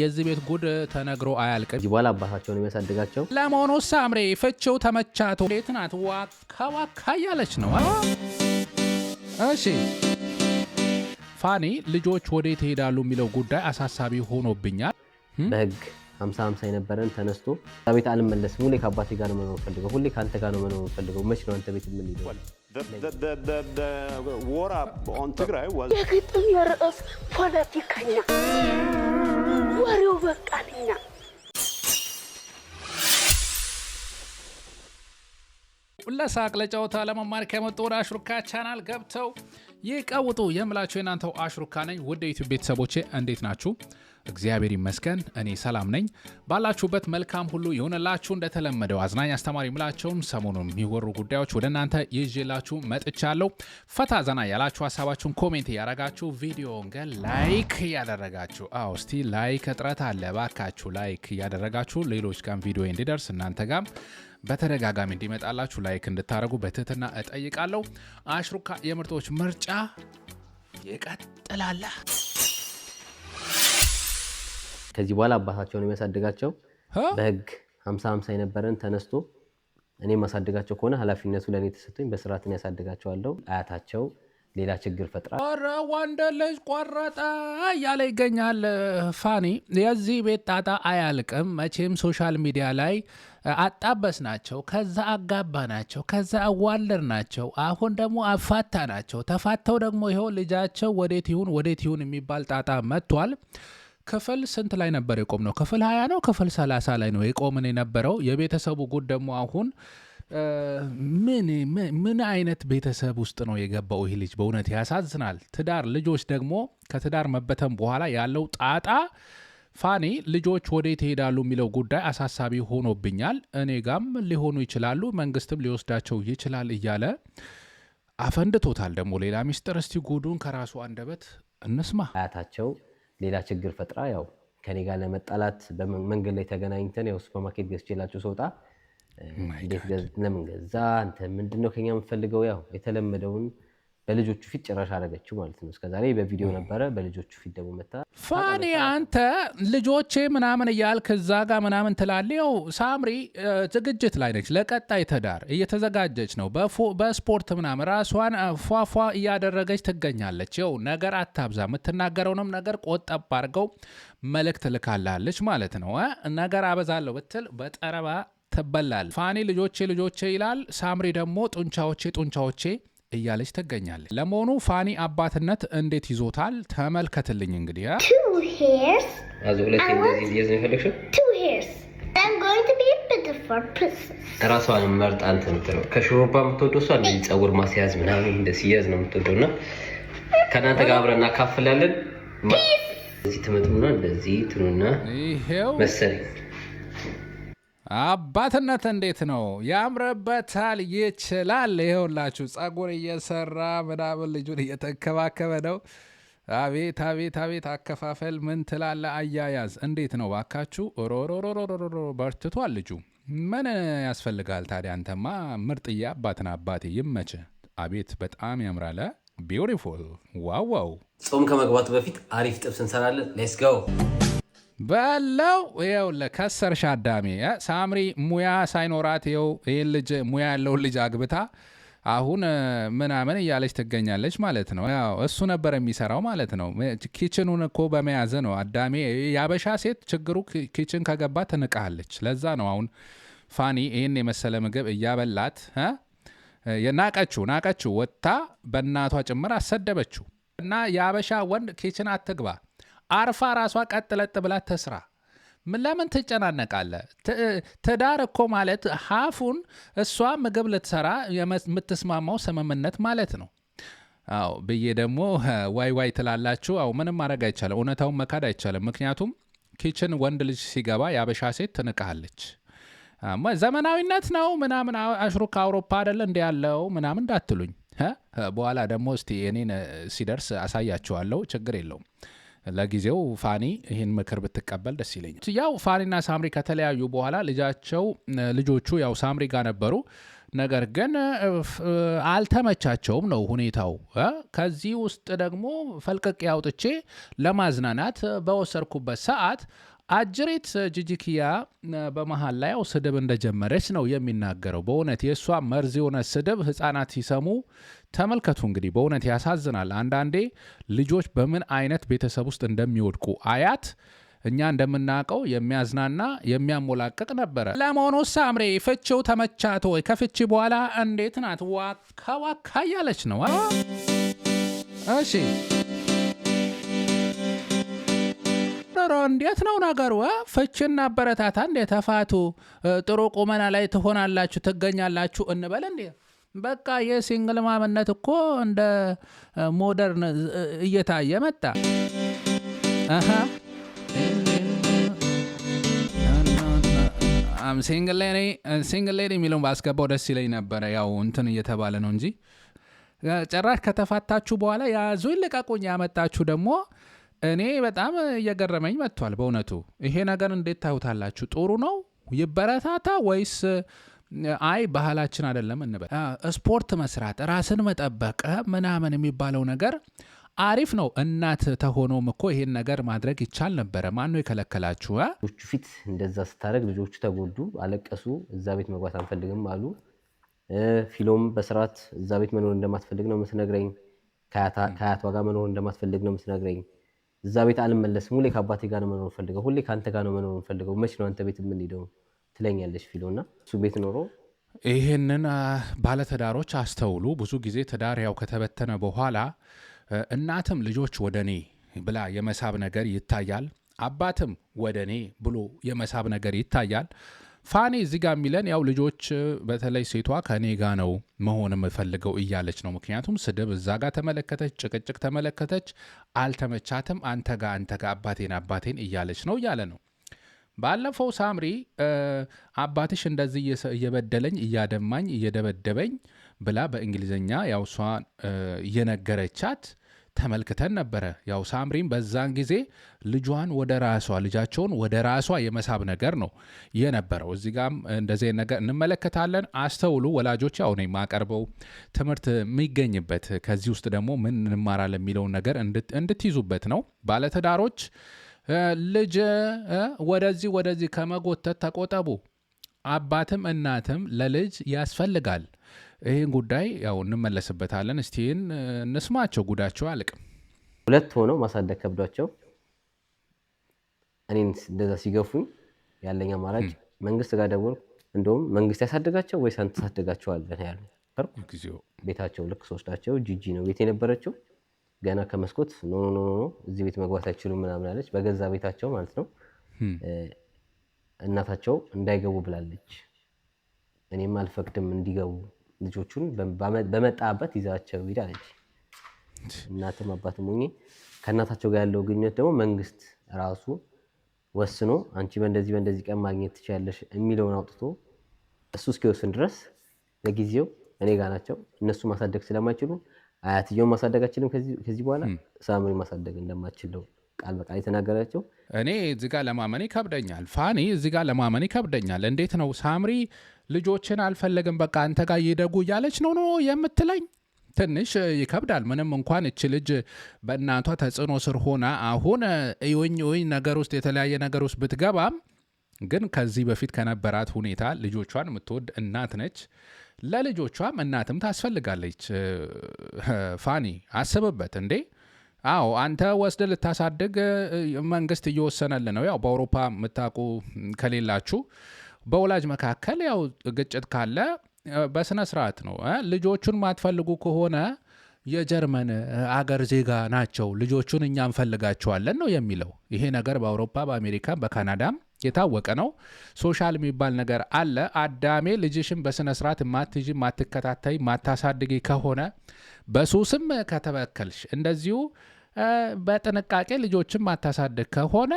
የዚህ ቤት ጉድ ተነግሮ አያልቅም። በኋላ አባታቸውን የሚያሳድጋቸው ለመሆኑ ሳምሬ ፍቺው ተመቻቶ እንዴት ናት? ዋካ ዋካ እያለች ነው። እሺ ፋኒ ልጆች ወዴት ይሄዳሉ የሚለው ጉዳይ አሳሳቢ ሆኖብኛል። በህግ ሀምሳ ሀምሳ የነበረን ተነስቶ ቤት አልመለስም፣ ሁሌ ከአባቴ ጋር ነው መኖር ፈልገው፣ ሁሌ ከአንተ ጋር ነው መኖር ፈልገው፣ መች ነው አንተ ቤት የምንሄደው? የግጥም የርዕስ ፖለቲከኛ ወሬው በቃልኛ ለጨዋታ ለመማር ከመጡ ወደ ቻናል ገብተው ይቀውጡ የምላቸው የናንተው አሽሩካ ነኝ። ወደ ዩቲዩብ ቤተሰቦቼ እንዴት ናችሁ? እግዚአብሔር ይመስገን እኔ ሰላም ነኝ። ባላችሁበት መልካም ሁሉ የሆነላችሁ። እንደተለመደው አዝናኝ አስተማሪ ምላቸውን ሰሞኑን የሚወሩ ጉዳዮች ወደ እናንተ ይዤላችሁ መጥቻለሁ። ፈታ ዘና ያላችሁ ሀሳባችሁን ኮሜንት እያረጋችሁ ቪዲዮውን ግን ላይክ እያደረጋችሁ አዎ፣ እስቲ ላይክ እጥረት አለ። ባካችሁ ላይክ እያደረጋችሁ ሌሎች ጋር ቪዲዮ እንዲደርስ እናንተ ጋር በተደጋጋሚ እንዲመጣላችሁ ላይክ እንድታደረጉ በትህትና እጠይቃለሁ። አሽሩካ የምርቶች ምርጫ ይቀጥላል። ከዚህ በኋላ አባታቸውን የሚያሳድጋቸው በህግ ሀምሳ ሀምሳ የነበረን ተነስቶ እኔ ማሳድጋቸው ከሆነ ኃላፊነቱ ለእኔ ተሰጥቶኝ በስርዓትን ያሳድጋቸዋለሁ አያታቸው ሌላ ችግር ፈጥራል። ኧረ ወንድ ልጅ ቆረጠ እያለ ይገኛል ፋኒ። የዚህ ቤት ጣጣ አያልቅም መቼም። ሶሻል ሚዲያ ላይ አጣበስ ናቸው፣ ከዛ አጋባ ናቸው፣ ከዛ አዋለር ናቸው፣ አሁን ደግሞ አፋታ ናቸው። ተፋተው ደግሞ ይኸው ልጃቸው ወዴት ይሁን ወዴት ይሁን የሚባል ጣጣ መጥቷል። ክፍል ስንት ላይ ነበር የቆም ነው? ክፍል ሀያ ነው ክፍል ሰላሳ ላይ ነው የቆምን የነበረው የቤተሰቡ ጉድ ደግሞ አሁን ምን ምን አይነት ቤተሰብ ውስጥ ነው የገባው ይህ ልጅ? በእውነት ያሳዝናል። ትዳር ልጆች ደግሞ ከትዳር መበተን በኋላ ያለው ጣጣ ፋኒ ልጆች ወዴት ይሄዳሉ የሚለው ጉዳይ አሳሳቢ ሆኖብኛል። እኔ ጋም ሊሆኑ ይችላሉ፣ መንግስትም ሊወስዳቸው ይችላል እያለ አፈንድቶታል። ደግሞ ሌላ ሚስጥር። እስቲ ጉዱን ከራሱ አንደበት እንስማ። አያታቸው ሌላ ችግር ፈጥራ ያው ከኔ ጋር ለመጣላት መንገድ ላይ ተገናኝተን ያው ሱፐርማርኬት ገዝቼላቸው ስወጣ Oh ለምን ገዛ አንተ ምንድነው ከኛ የምፈልገው? ያው የተለመደውን በልጆቹ ፊት ጭራሽ አደረገችው ማለት ነው። እስከዛሬ በቪዲዮ oh. ነበረ፣ በልጆቹ ፊት ደግሞ መታ። ፋኒ አንተ ልጆቼ ምናምን እያል ከዛ ጋር ምናምን ትላለህ። ያው ሳምሪ ዝግጅት ላይ ነች፣ ለቀጣይ ትዳር እየተዘጋጀች ነው። በስፖርት ምናምን ራሷን ፏፏ እያደረገች ትገኛለች። ው ነገር አታብዛ፣ የምትናገረውንም ነገር ቆጠብ አድርገው መልእክት ልካላለች ማለት ነው። ነገር አበዛለሁ ብትል በጠረባ ትበላል። ፋኒ ልጆቼ ልጆቼ ይላል። ሳምሪ ደግሞ ጡንቻዎቼ ጡንቻዎቼ እያለች ትገኛለች። ለመሆኑ ፋኒ አባትነት እንዴት ይዞታል? ተመልከትልኝ እንግዲህ ራሷን መርጣ እንትን ነው ከሽሩባ የምትወደው እሷ እንደዚህ ፀጉር ማስያዝ ምናምን እንደ ሲያዝ ነው የምትወደው እና ከእናንተ ጋር አብረን እናካፍላለን። እዚህ ትመጡና እንደዚህ ትኑና መሰለኝ አባትነት እንዴት ነው? ያምረበታል፣ ይችላል። ይኸውላችሁ ጸጉር እየሰራ ምናምን ልጁን እየተንከባከበ ነው። አቤት አቤት አቤት! አከፋፈል ምን ትላለ? አያያዝ እንዴት ነው ባካችሁ? ሮሮሮሮሮሮ በርትቷል ልጁ። ምን ያስፈልጋል ታዲያ? አንተማ ምርጥዬ አባትና አባቴ ይመች። አቤት በጣም ያምራለ። ቢውቲፉል ዋው ዋው! ጾም ከመግባቱ በፊት አሪፍ ጥብስ እንሰራለን። ሌስ ጋው በለው ይኸው ከሰርሽ አዳሜ ሳምሪ ሙያ ሳይኖራት ይኸው ይህን ልጅ ሙያ ያለውን ልጅ አግብታ አሁን ምናምን እያለች ትገኛለች ማለት ነው። ያው እሱ ነበር የሚሰራው ማለት ነው። ኪችኑን እኮ በመያዘ ነው አዳሜ። የአበሻ ሴት ችግሩ ኪችን ከገባ ትንቃለች። ለዛ ነው አሁን ፋኒ ይህን የመሰለ ምግብ እያበላት ናቀችው፣ ናቀችው ወጥታ በእናቷ ጭምር አሰደበችው። እና የአበሻ ወንድ ኪችን አትግባ አርፋ ራሷ ቀጥለጥ ብላ ተስራ ለምን ትጨናነቃለ? ትዳር እኮ ማለት ሀፉን እሷ ምግብ ልትሰራ የምትስማማው ስምምነት ማለት ነው። አዎ ብዬ ደግሞ ዋይ ዋይ ትላላችሁ። አዎ ምንም ማድረግ አይቻልም። እውነታውን መካድ አይቻልም። ምክንያቱም ኪችን ወንድ ልጅ ሲገባ የአበሻ ሴት ትንቃሃለች። ዘመናዊነት ነው ምናምን አሽሩ ከአውሮፓ አደለ እንዲ ያለው ምናምን እንዳትሉኝ። በኋላ ደግሞ እስቲ እኔን ሲደርስ አሳያችኋለሁ። ችግር የለውም። ለጊዜው ፋኒ ይህን ምክር ብትቀበል ደስ ይለኛል። ያው ፋኒና ሳምሪ ከተለያዩ በኋላ ልጃቸው ልጆቹ ያው ሳምሪ ጋር ነበሩ። ነገር ግን አልተመቻቸውም ነው ሁኔታው። ከዚህ ውስጥ ደግሞ ፈልቀቅ ያውጥቼ ለማዝናናት በወሰድኩበት ሰዓት አጅሬት ጂጂኪያ በመሀል ላይ ያው ስድብ እንደጀመረች ነው የሚናገረው። በእውነት የእሷ መርዝ የሆነ ስድብ ህጻናት ሲሰሙ ተመልከቱ እንግዲህ በእውነት ያሳዝናል። አንዳንዴ ልጆች በምን አይነት ቤተሰብ ውስጥ እንደሚወድቁ አያት እኛ እንደምናውቀው የሚያዝናና የሚያሞላቅቅ ነበረ። ለመሆኑ ሳምሬ ፍቺው ተመቻት ወይ? ከፍቺ በኋላ እንዴት ናት? ዋካ ዋካ እያለች ነው። እሺ እንዴት ነው ነገሩ? ፍቺና አበረታታ እንዴ ተፋቱ፣ ጥሩ ቁመና ላይ ትሆናላችሁ፣ ትገኛላችሁ እንበል እንዴ በቃ የሲንግል ማምነት እኮ እንደ ሞደርን እየታየ መጣ። ሲንግል ሌዲ የሚለውን ባስገባው ደስ ይለኝ ነበረ። ያው እንትን እየተባለ ነው እንጂ ጭራሽ ከተፋታችሁ በኋላ ያዙ ይልቀቁኝ ያመጣችሁ ደግሞ እኔ በጣም እየገረመኝ መጥቷል። በእውነቱ ይሄ ነገር እንዴት ታዩታላችሁ? ጥሩ ነው ይበረታታ ወይስ አይ ባህላችን አይደለም እንበል። ስፖርት መስራት፣ ራስን መጠበቅ ምናምን የሚባለው ነገር አሪፍ ነው። እናት ተሆኖም እኮ ይሄን ነገር ማድረግ ይቻል ነበረ። ማን ነው የከለከላችሁ? ልጆቹ ፊት እንደዛ ስታደርግ ልጆቹ ተጎዱ፣ አለቀሱ። እዛ ቤት መግባት አንፈልግም አሉ። ፊሎም በስርዓት እዛ ቤት መኖር እንደማትፈልግ ነው የምትነግረኝ። ከአያቷ ጋር መኖር እንደማትፈልግ ነው የምትነግረኝ። እዛ ቤት አልመለስም፣ ሁሌ ከአባቴ ጋር ነው መኖር ፈልገው፣ ሁሌ ከአንተ ጋር ነው መኖር ፈልገው። መች ነው አንተ ቤት የምንሄደው? ትለኛለች ፊሎ እና እሱ ቤት ኖሮ ይህንን ባለትዳሮች አስተውሉ። ብዙ ጊዜ ትዳር ያው ከተበተነ በኋላ እናትም ልጆች ወደ እኔ ብላ የመሳብ ነገር ይታያል። አባትም ወደ እኔ ብሎ የመሳብ ነገር ይታያል። ፋኔ እዚህ ጋር የሚለን ያው ልጆች በተለይ ሴቷ ከእኔ ጋ ነው መሆን የምፈልገው እያለች ነው። ምክንያቱም ስድብ እዛ ጋር ተመለከተች፣ ጭቅጭቅ ተመለከተች፣ አልተመቻትም። አንተ ጋ አንተ ጋ አባቴን አባቴን እያለች ነው እያለ ነው ባለፈው ሳምሪ አባትሽ እንደዚህ እየበደለኝ እያደማኝ እየደበደበኝ ብላ በእንግሊዝኛ ያው እሷን እየነገረቻት ተመልክተን ነበረ። ያው ሳምሪም በዛን ጊዜ ልጇን ወደ ራሷ ልጃቸውን ወደ ራሷ የመሳብ ነገር ነው የነበረው። እዚህ ጋም እንደዚህ ነገር እንመለከታለን። አስተውሉ ወላጆች። ያው ነው የማቀርበው ትምህርት የሚገኝበት ከዚህ ውስጥ ደግሞ ምን እንማራለን የሚለውን ነገር እንድትይዙበት ነው። ባለትዳሮች ልጅ ወደዚህ ወደዚህ ከመጎተት ተቆጠቡ። አባትም እናትም ለልጅ ያስፈልጋል። ይህን ጉዳይ ያው እንመለስበታለን። እስቲን እንስማቸው፣ ጉዳቸው አልቅም። ሁለት ሆነው ማሳደግ ከብዷቸው እኔን እንደዛ ሲገፉኝ ያለኝ አማራጭ መንግስት ጋር ደወልኩ። እንደውም መንግስት ያሳድጋቸው ወይስ አንተ ታሳድጋቸዋለህ ያለ ቤታቸው ልክ ሶስዳቸው ጂጂ ነው ቤት የነበረችው ገና ከመስኮት ኖ ኖ ኖ እዚህ ቤት መግባት አይችሉም ምናምን አለች። በገዛ ቤታቸው ማለት ነው። እናታቸው እንዳይገቡ ብላለች። እኔም አልፈቅድም እንዲገቡ ልጆቹን በመጣበት ይዛቸው ሂድ አለች። እናትም አባትም ሆኜ ከእናታቸው ጋር ያለው ግንኙነት ደግሞ መንግስት ራሱ ወስኖ አንቺ በእንደዚህ በእንደዚህ ቀን ማግኘት ትችላለሽ የሚለውን አውጥቶ እሱ እስኪወስን ድረስ ለጊዜው እኔ ጋ ናቸው። እነሱ ማሳደግ ስለማይችሉ አያትየውን ማሳደጋችንም ከዚህ በኋላ ሳምሪ ማሳደግ እንደማችለው ቃል በቃል የተናገራቸው እኔ እዚህ ጋር ለማመን ይከብደኛል። ፋኒ እዚህ ጋር ለማመን ይከብደኛል። እንዴት ነው ሳምሪ ልጆችን አልፈለግም በቃ አንተ ጋር ይደጉ እያለች ነው ነው የምትለኝ? ትንሽ ይከብዳል። ምንም እንኳን እች ልጅ በእናቷ ተጽዕኖ ስር ሆና አሁን እዮኝ እዮኝ ነገር ውስጥ የተለያየ ነገር ውስጥ ብትገባም ግን ከዚህ በፊት ከነበራት ሁኔታ ልጆቿን የምትወድ እናት ነች። ለልጆቿም እናትም ታስፈልጋለች። ፋኒ አስብበት እንዴ። አዎ አንተ ወስደ ልታሳድግ መንግስት እየወሰነል ነው። ያው በአውሮፓ የምታውቁ ከሌላችሁ በወላጅ መካከል ያው ግጭት ካለ በስነ ስርዓት ነው። ልጆቹን ማትፈልጉ ከሆነ የጀርመን አገር ዜጋ ናቸው፣ ልጆቹን እኛ እንፈልጋቸዋለን ነው የሚለው። ይሄ ነገር በአውሮፓ በአሜሪካም በካናዳም የታወቀ ነው። ሶሻል የሚባል ነገር አለ። አዳሜ ልጅሽን በስነ ስርዓት ማትጂ ማትከታተይ ማታሳድጊ ከሆነ በሱስም ከተበከልሽ እንደዚሁ በጥንቃቄ ልጆችን ማታሳድግ ከሆነ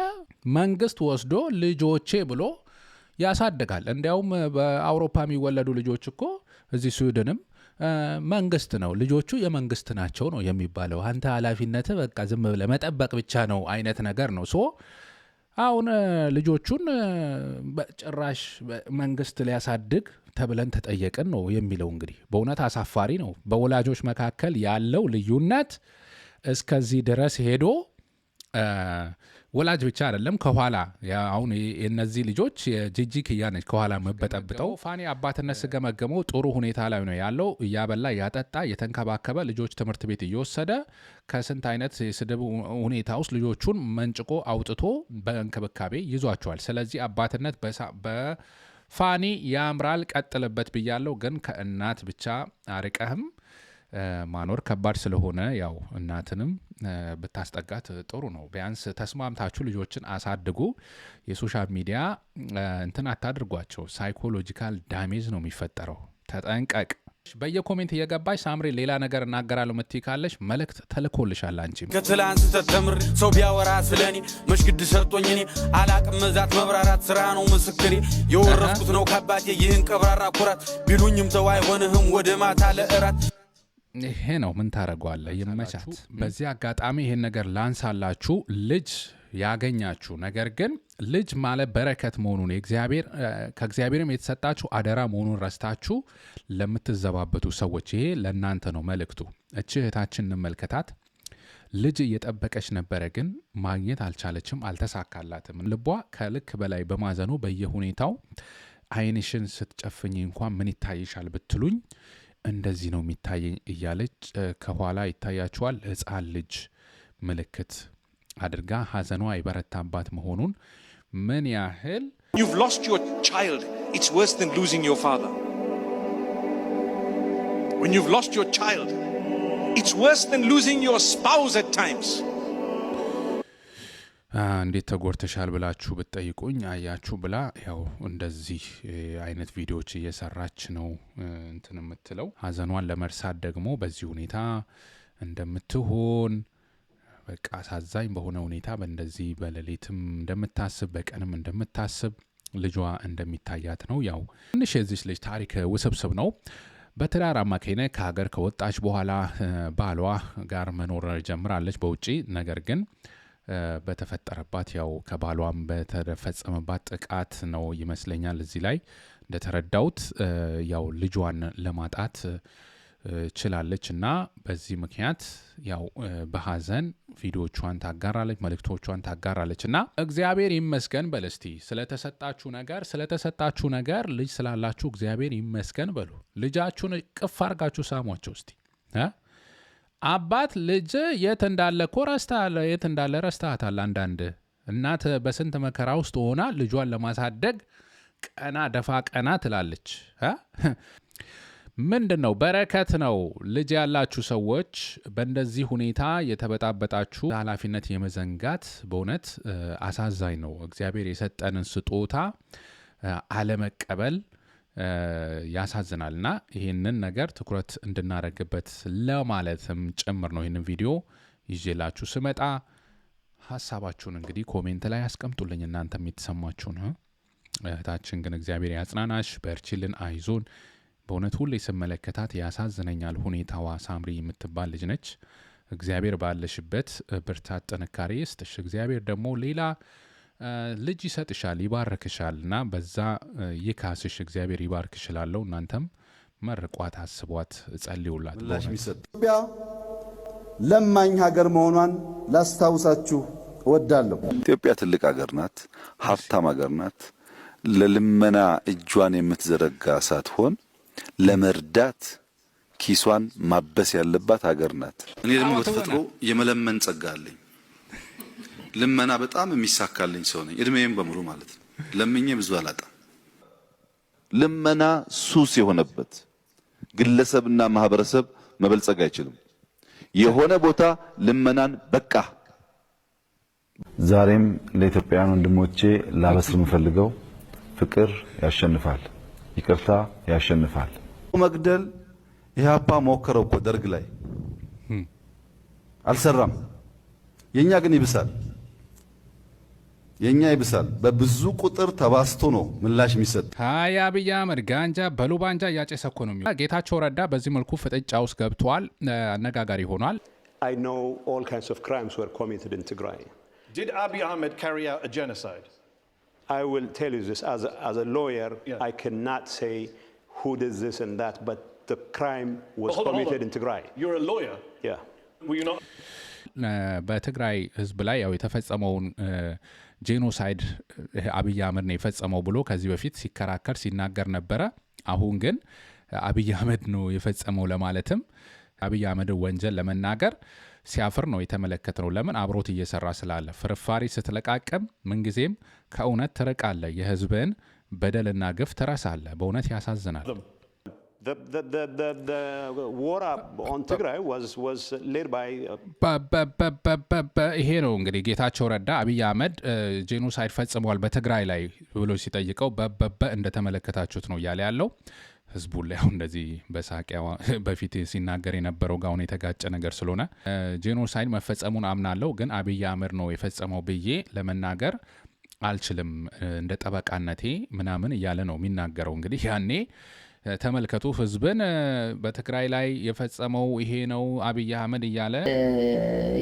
መንግስት ወስዶ ልጆቼ ብሎ ያሳድጋል። እንዲያውም በአውሮፓ የሚወለዱ ልጆች እኮ እዚህ ስዊድንም መንግስት ነው ልጆቹ የመንግስት ናቸው ነው የሚባለው። አንተ ኃላፊነትህ በቃ ዝም ብለህ መጠበቅ ብቻ ነው አይነት ነገር ነው ሶ አሁን ልጆቹን በጭራሽ መንግስት ሊያሳድግ ተብለን ተጠየቅን ነው የሚለው። እንግዲህ በእውነት አሳፋሪ ነው። በወላጆች መካከል ያለው ልዩነት እስከዚህ ድረስ ሄዶ ወላጅ ብቻ አይደለም ከኋላ አሁን የነዚህ ልጆች የጂጂ ክያ ነች ከኋላ መበጠብጠው ፋኒ አባትነት ስገመገመው ጥሩ ሁኔታ ላይ ነው ያለው። እያበላ እያጠጣ እየተንከባከበ ልጆች ትምህርት ቤት እየወሰደ ከስንት አይነት የስድብ ሁኔታ ውስጥ ልጆቹን መንጭቆ አውጥቶ በእንክብካቤ ይዟቸዋል። ስለዚህ አባትነት በፋኒ ያምራል፣ ቀጥልበት ብያለው። ግን ከእናት ብቻ አርቀህም ማኖር ከባድ ስለሆነ ያው እናትንም ብታስጠጋት ጥሩ ነው። ቢያንስ ተስማምታችሁ ልጆችን አሳድጉ። የሶሻል ሚዲያ እንትን አታድርጓቸው። ሳይኮሎጂካል ዳሜዝ ነው የሚፈጠረው። ተጠንቀቅ። በየኮሜንት እየገባች ሳምሪ ሌላ ነገር እናገራለሁ ምት ካለች መልእክት ተልኮልሻል። አንቺ ከትላንት ስህተት ሰው ቢያወራ ስለኔ መሽግድ ሰርጦኝ እኔ አላቅም መዛት መብራራት ስራ ነው ምስክሬ የወረስኩት ነው ከአባቴ ይህን ቀብራራ ኩራት ቢሉኝም ተው አይሆንህም ወደ ማታ ለእራት ይሄ ነው። ምን ታደረጓለ ይመቻት። በዚህ አጋጣሚ ይሄን ነገር ላንሳላችሁ። ልጅ ያገኛችሁ ነገር ግን ልጅ ማለት በረከት መሆኑን ከእግዚአብሔርም የተሰጣችሁ አደራ መሆኑን ረስታችሁ ለምትዘባበቱ ሰዎች ይሄ ለእናንተ ነው መልእክቱ። እች እህታችን እንመልከታት። ልጅ እየጠበቀች ነበረ፣ ግን ማግኘት አልቻለችም፣ አልተሳካላትም። ልቧ ከልክ በላይ በማዘኑ በየሁኔታው አይንሽን ስትጨፍኝ እንኳን ምን ይታይሻል ብትሉኝ እንደዚህ ነው የሚታየኝ እያለች ከኋላ ይታያችኋል ሕፃን ልጅ ምልክት አድርጋ ሐዘኗ የበረታባት መሆኑን ምን ያህል You've lost your child. It's worse than losing your father. When you've lost your child, it's worse than losing your spouse at times. እንዴት ተጎድተሻል ብላችሁ ብትጠይቁኝ አያችሁ ብላ ያው እንደዚህ አይነት ቪዲዮዎች እየሰራች ነው እንትን የምትለው። ሀዘኗን ለመርሳት ደግሞ በዚህ ሁኔታ እንደምትሆን በቃ አሳዛኝ በሆነ ሁኔታ በእንደዚህ በሌሊትም እንደምታስብ በቀንም እንደምታስብ ልጇ እንደሚታያት ነው። ያው ትንሽ የዚች ልጅ ታሪክ ውስብስብ ነው። በትዳር አማካኝነት ከሀገር ከወጣች በኋላ ባሏ ጋር መኖር ጀምራለች በውጪ ነገር ግን በተፈጠረባት ያው ከባሏም በተፈጸመባት ጥቃት ነው ይመስለኛል። እዚህ ላይ እንደተረዳሁት ያው ልጇን ለማጣት ችላለች እና በዚህ ምክንያት ያው በሀዘን ቪዲዮቿን ታጋራለች፣ መልእክቶቿን ታጋራለች እና እግዚአብሔር ይመስገን በል እስቲ ስለተሰጣችሁ ነገር ስለተሰጣችሁ ነገር ልጅ ስላላችሁ እግዚአብሔር ይመስገን በሉ። ልጃችሁን ቅፍ አርጋችሁ ሳሟቸው እስቲ አባት ልጅ የት እንዳለ እኮ ረስተሃል፣ የት እንዳለ ረስተሃታል። አንዳንድ እናት በስንት መከራ ውስጥ ሆና ልጇን ለማሳደግ ቀና ደፋ ቀና ትላለች። ምንድን ነው በረከት ነው። ልጅ ያላችሁ ሰዎች በእንደዚህ ሁኔታ የተበጣበጣችሁ ኃላፊነት የመዘንጋት በእውነት አሳዛኝ ነው። እግዚአብሔር የሰጠንን ስጦታ አለመቀበል ያሳዝናል እና ይህንን ነገር ትኩረት እንድናደርግበት ለማለትም ጭምር ነው ይህንን ቪዲዮ ይዤላችሁ ስመጣ። ሀሳባችሁን እንግዲህ ኮሜንት ላይ አስቀምጡልኝ እናንተም የተሰማችሁን። እህታችን ግን እግዚአብሔር ያጽናናሽ፣ በርችልን፣ አይዞን። በእውነት ሁሌ ስመለከታት ያሳዝነኛል ሁኔታዋ። ሳምሪ የምትባል ልጅ ነች። እግዚአብሔር ባለሽበት ብርታት፣ ጥንካሬ ይስጥሽ። እግዚአብሔር ደግሞ ሌላ ልጅ ይሰጥሻል፣ ይባርክሻል እና በዛ ይካስሽ እግዚአብሔር ይባርክሽ እናንተም መርቋት፣ አስቧት፣ ጸልዩላት። ኢትዮጵያ ለማኝ ሀገር መሆኗን ላስታውሳችሁ እወዳለሁ። ኢትዮጵያ ትልቅ ሀገር ናት፣ ሀብታም ሀገር ናት። ለልመና እጇን የምትዘረጋ ሳትሆን ለመርዳት ኪሷን ማበስ ያለባት ሀገር ናት። እኔ ደግሞ በተፈጥሮ የመለመን ጸጋ አለኝ። ልመና በጣም የሚሳካልኝ ሰው ነኝ፣ እድሜዬም በሙሉ ማለት ነው። ለምኜ ብዙ አላጣም። ልመና ሱስ የሆነበት ግለሰብና ማህበረሰብ መበልጸግ አይችልም። የሆነ ቦታ ልመናን በቃ ዛሬም ለኢትዮጵያውያን ወንድሞቼ ላበስር የምፈልገው ፍቅር ያሸንፋል፣ ይቅርታ ያሸንፋል። መግደል ኢህአፓ ሞከረው እኮ ደርግ ላይ አልሰራም። የእኛ ግን ይብሳል። የኛ ይብሳል። በብዙ ቁጥር ተባስቶ ነው ምላሽ የሚሰጥ። ሀይ አብይ አህመድ ጋንጃ በሉባንጃ እያጨሰ እኮ ነው። ጌታቸው ረዳ በዚህ መልኩ ፍጥጫ ውስጥ ገብተዋል። አነጋጋሪ ሆኗል። በትግራይ ህዝብ ላይ ያው የተፈጸመውን ጄኖሳይድ አብይ አህመድ ነው የፈጸመው ብሎ ከዚህ በፊት ሲከራከር ሲናገር ነበረ። አሁን ግን አብይ አህመድ ነው የፈጸመው ለማለትም አብይ አህመድ ወንጀል ለመናገር ሲያፍር ነው የተመለከት ነው። ለምን አብሮት እየሰራ ስላለ። ፍርፋሪ ስትለቃቅም ምንጊዜም ከእውነት ትርቃለ። የህዝብን በደልና ግፍ ትረሳለ። በእውነት ያሳዝናል። ይሄ ነው እንግዲህ ጌታቸው ረዳ አብይ አህመድ uh, ጄኖሳይድ ፈጽመዋል በትግራይ ላይ ብሎ ሲጠይቀው በበበ እንደተመለከታችሁት ነው እያለ ያለው ህዝቡን ላይ አሁን እንደዚህ በሳቂያ በፊት ሲናገር የነበረው ጋር የተጋጨ ነገር ስለሆነ uh, ጄኖሳይድ መፈጸሙን አምናለሁ፣ ግን አብይ አህመድ ነው የፈጸመው ብዬ ለመናገር አልችልም uh, እንደ ጠበቃነቴ ምናምን እያለ ነው የሚናገረው እንግዲህ ያኔ ተመልከቱ ህዝብን በትግራይ ላይ የፈጸመው ይሄ ነው አብይ አህመድ እያለ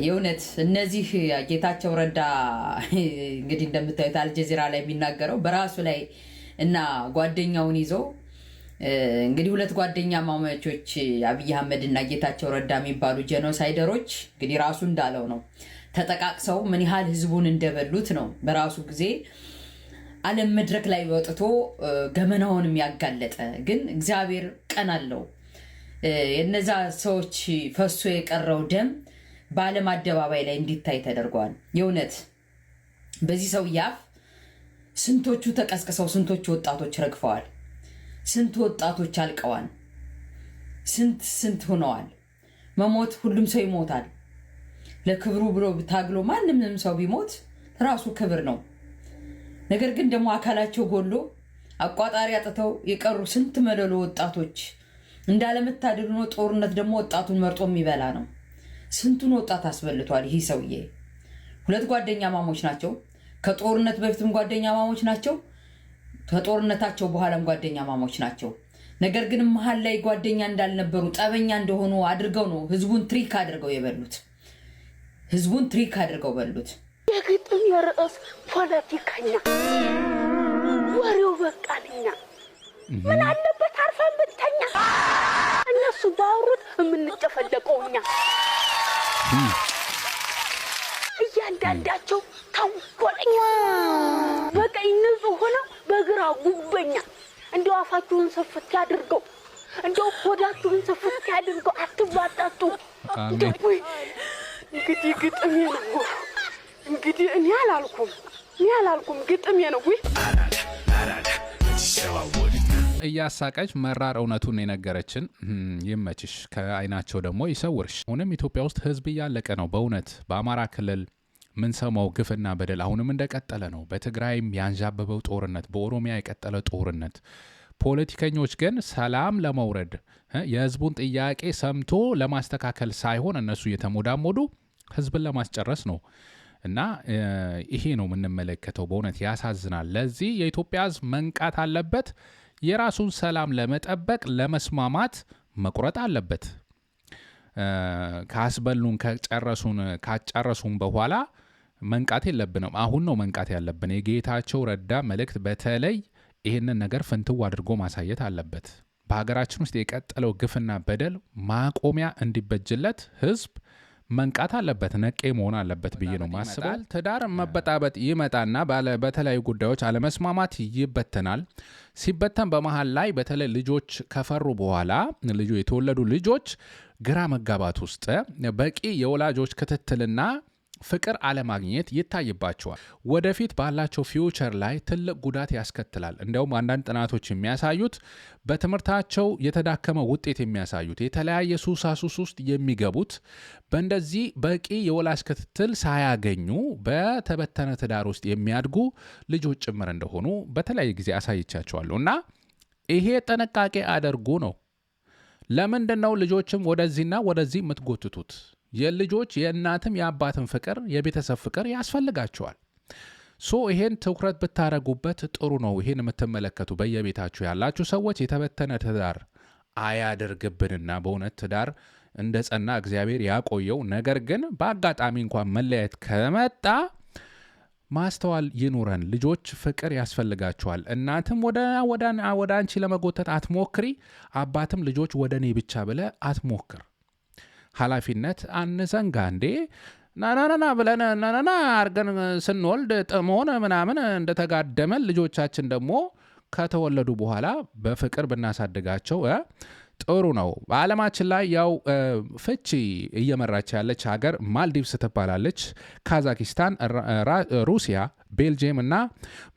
የእውነት እነዚህ ጌታቸው ረዳ እንግዲህ እንደምታዩት አልጀዚራ ላይ የሚናገረው በራሱ ላይ እና ጓደኛውን ይዘው እንግዲህ ሁለት ጓደኛ ማመቾች አብይ አህመድ እና ጌታቸው ረዳ የሚባሉ ጀኖሳይደሮች እንግዲህ ራሱ እንዳለው ነው ተጠቃቅሰው ምን ያህል ህዝቡን እንደበሉት ነው በራሱ ጊዜ ዓለም መድረክ ላይ ወጥቶ ገመናውን የሚያጋለጠ ግን እግዚአብሔር ቀን አለው። የነዛ ሰዎች ፈሶ የቀረው ደም በዓለም አደባባይ ላይ እንዲታይ ተደርጓል። የእውነት በዚህ ሰው ያፍ ስንቶቹ ተቀስቅሰው ስንቶቹ ወጣቶች ረግፈዋል። ስንት ወጣቶች አልቀዋል። ስንት ስንት ሆነዋል። መሞት ሁሉም ሰው ይሞታል። ለክብሩ ብሎ ታግሎ ማንም ሰው ቢሞት ራሱ ክብር ነው። ነገር ግን ደግሞ አካላቸው ጎሎ አቋጣሪ አጥተው የቀሩ ስንት መለሎ ወጣቶች እንዳለመታደል ነው። ጦርነት ደግሞ ወጣቱን መርጦ የሚበላ ነው። ስንቱን ወጣት አስበልቷል ይህ ሰውዬ። ሁለት ጓደኛ ማሞች ናቸው። ከጦርነት በፊትም ጓደኛ ማሞች ናቸው። ከጦርነታቸው በኋላም ጓደኛ ማሞች ናቸው። ነገር ግን መሀል ላይ ጓደኛ እንዳልነበሩ ጠበኛ እንደሆኑ አድርገው ነው ህዝቡን ትሪክ አድርገው የበሉት። ህዝቡን ትሪክ አድርገው በሉት። የግጥም የርዕስ ፖለቲከኛ ወሬው በቃልኛ ምን አለበት አርፈን ብንተኛ፣ እነሱ ባወሩት የምንጨፈለቀው እኛ። እያንዳንዳቸው ተንኮለኛ፣ በቀኝ ንጹህ ሆነው በግራ ጉበኛ። እንደው አፋችሁን ስፍት ያድርገው፣ እንደው ሆዳችሁን ስፍት ያድርገው። አትባጣጡ። እንግዲህ ግጥሜ ነው። እንግዲህ እኔ አላልኩም እኔ አላልኩም፣ ግጥሜ ነው። እያሳቀች መራር እውነቱን የነገረችን። ይመችሽ፣ ከአይናቸው ደግሞ ይሰውርሽ። አሁንም ኢትዮጵያ ውስጥ ህዝብ እያለቀ ነው። በእውነት በአማራ ክልል ምንሰማው ግፍና በደል አሁንም እንደቀጠለ ነው። በትግራይም ያንዣበበው ጦርነት፣ በኦሮሚያ የቀጠለ ጦርነት። ፖለቲከኞች ግን ሰላም ለመውረድ የህዝቡን ጥያቄ ሰምቶ ለማስተካከል ሳይሆን እነሱ እየተሞዳሞዱ ህዝብን ለማስጨረስ ነው። እና ይሄ ነው የምንመለከተው። በእውነት ያሳዝናል። ለዚህ የኢትዮጵያ ሕዝብ መንቃት አለበት። የራሱን ሰላም ለመጠበቅ ለመስማማት መቁረጥ አለበት። ካስበሉን ከጨረሱን ካጨረሱን በኋላ መንቃት የለብንም። አሁን ነው መንቃት ያለብን። የጌታቸው ረዳ መልእክት በተለይ ይህንን ነገር ፍንትው አድርጎ ማሳየት አለበት። በሀገራችን ውስጥ የቀጠለው ግፍና በደል ማቆሚያ እንዲበጅለት ህዝብ መንቃት አለበት፣ ነቄ መሆን አለበት ብዬ ነው ማስበው። ትዳር መበጣበጥ ይመጣና በተለያዩ ጉዳዮች አለመስማማት ይበተናል። ሲበተን በመሀል ላይ በተለይ ልጆች ከፈሩ በኋላ ልጆ የተወለዱ ልጆች ግራ መጋባት ውስጥ በቂ የወላጆች ክትትልና ፍቅር አለማግኘት ይታይባቸዋል። ወደፊት ባላቸው ፊውቸር ላይ ትልቅ ጉዳት ያስከትላል። እንዲያውም አንዳንድ ጥናቶች የሚያሳዩት በትምህርታቸው የተዳከመ ውጤት የሚያሳዩት የተለያየ ሱሳሱስ ውስጥ የሚገቡት በእንደዚህ በቂ የወላጅ ክትትል ሳያገኙ በተበተነ ትዳር ውስጥ የሚያድጉ ልጆች ጭምር እንደሆኑ በተለያየ ጊዜ አሳይቻቸዋለሁ እና ይሄ ጥንቃቄ አድርጉ ነው። ለምንድን ነው ልጆችም ወደዚህና ወደዚህ የምትጎትቱት? የልጆች የእናትም የአባትም ፍቅር የቤተሰብ ፍቅር ያስፈልጋቸዋል። ሶ ይሄን ትኩረት ብታደረጉበት ጥሩ ነው። ይሄን የምትመለከቱ በየቤታችሁ ያላችሁ ሰዎች የተበተነ ትዳር አያደርግብንና በእውነት ትዳር እንደ ጸና እግዚአብሔር ያቆየው። ነገር ግን በአጋጣሚ እንኳን መለያየት ከመጣ ማስተዋል ይኑረን። ልጆች ፍቅር ያስፈልጋቸዋል። እናትም ወደ አንቺ ለመጎተት አትሞክሪ፣ አባትም ልጆች ወደ እኔ ብቻ ብለ አትሞክር። ኃላፊነት አንዘንጋ እንዴ። ናናናና ብለን ናናና አርገን ስንወልድ ጥሞን ምናምን እንደተጋደመን ልጆቻችን ደግሞ ከተወለዱ በኋላ በፍቅር ብናሳድጋቸው ጥሩ ነው። በዓለማችን ላይ ያው ፍቺ እየመራች ያለች ሀገር ማልዲቭስ ትባላለች። ካዛኪስታን፣ ሩሲያ፣ ቤልጅየም እና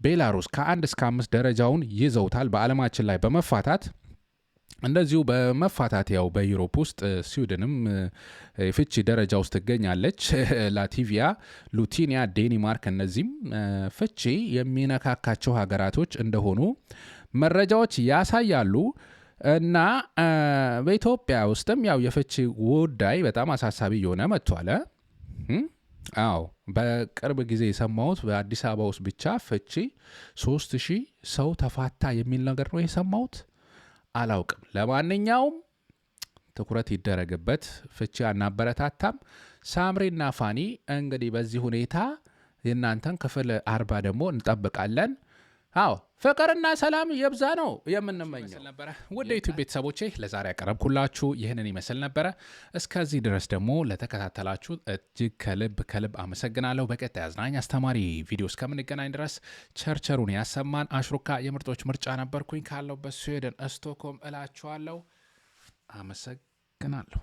ቤላሩስ ከአንድ እስከ አምስት ደረጃውን ይዘውታል በዓለማችን ላይ በመፋታት እንደዚሁ ያው በዩሮፕ ውስጥ ስዊድንም የፍቺ ደረጃ ውስጥ ትገኛለች። ላቲቪያ፣ ሉቲኒያ፣ ዴኒማርክ እነዚህም ፍቺ የሚነካካቸው ሀገራቶች እንደሆኑ መረጃዎች ያሳያሉ። እና በኢትዮጵያ ውስጥም ያው የፍቺ ጉዳይ በጣም አሳሳቢ እየሆነ መጥቷል። አዎ በቅርብ ጊዜ የሰማሁት በአዲስ አበባ ውስጥ ብቻ ፍቺ ሶስት ሺህ ሰው ተፋታ የሚል ነገር ነው የሰማሁት። አላውቅም። ለማንኛውም ትኩረት ይደረግበት፣ ፍቺ አናበረታታም። ሳምሪና ፋኒ እንግዲህ በዚህ ሁኔታ የእናንተን ክፍል አርባ ደግሞ እንጠብቃለን። አዎ ፍቅርና ሰላም የብዛ ነው የምንመኘው። ነበረ ወደ ዩቱብ ቤተሰቦቼ ለዛሬ ያቀረብኩላችሁ ይህንን ይመስል ነበረ። እስከዚህ ድረስ ደግሞ ለተከታተላችሁ እጅግ ከልብ ከልብ አመሰግናለሁ። በቀጣይ አዝናኝ አስተማሪ ቪዲዮ እስከምንገናኝ ድረስ ቸርቸሩን ያሰማን። አሽሩካ የምርጦች ምርጫ ነበርኩኝ ካለው ስዌድን ስቶክሆልም እላችኋለሁ። አመሰግናለሁ።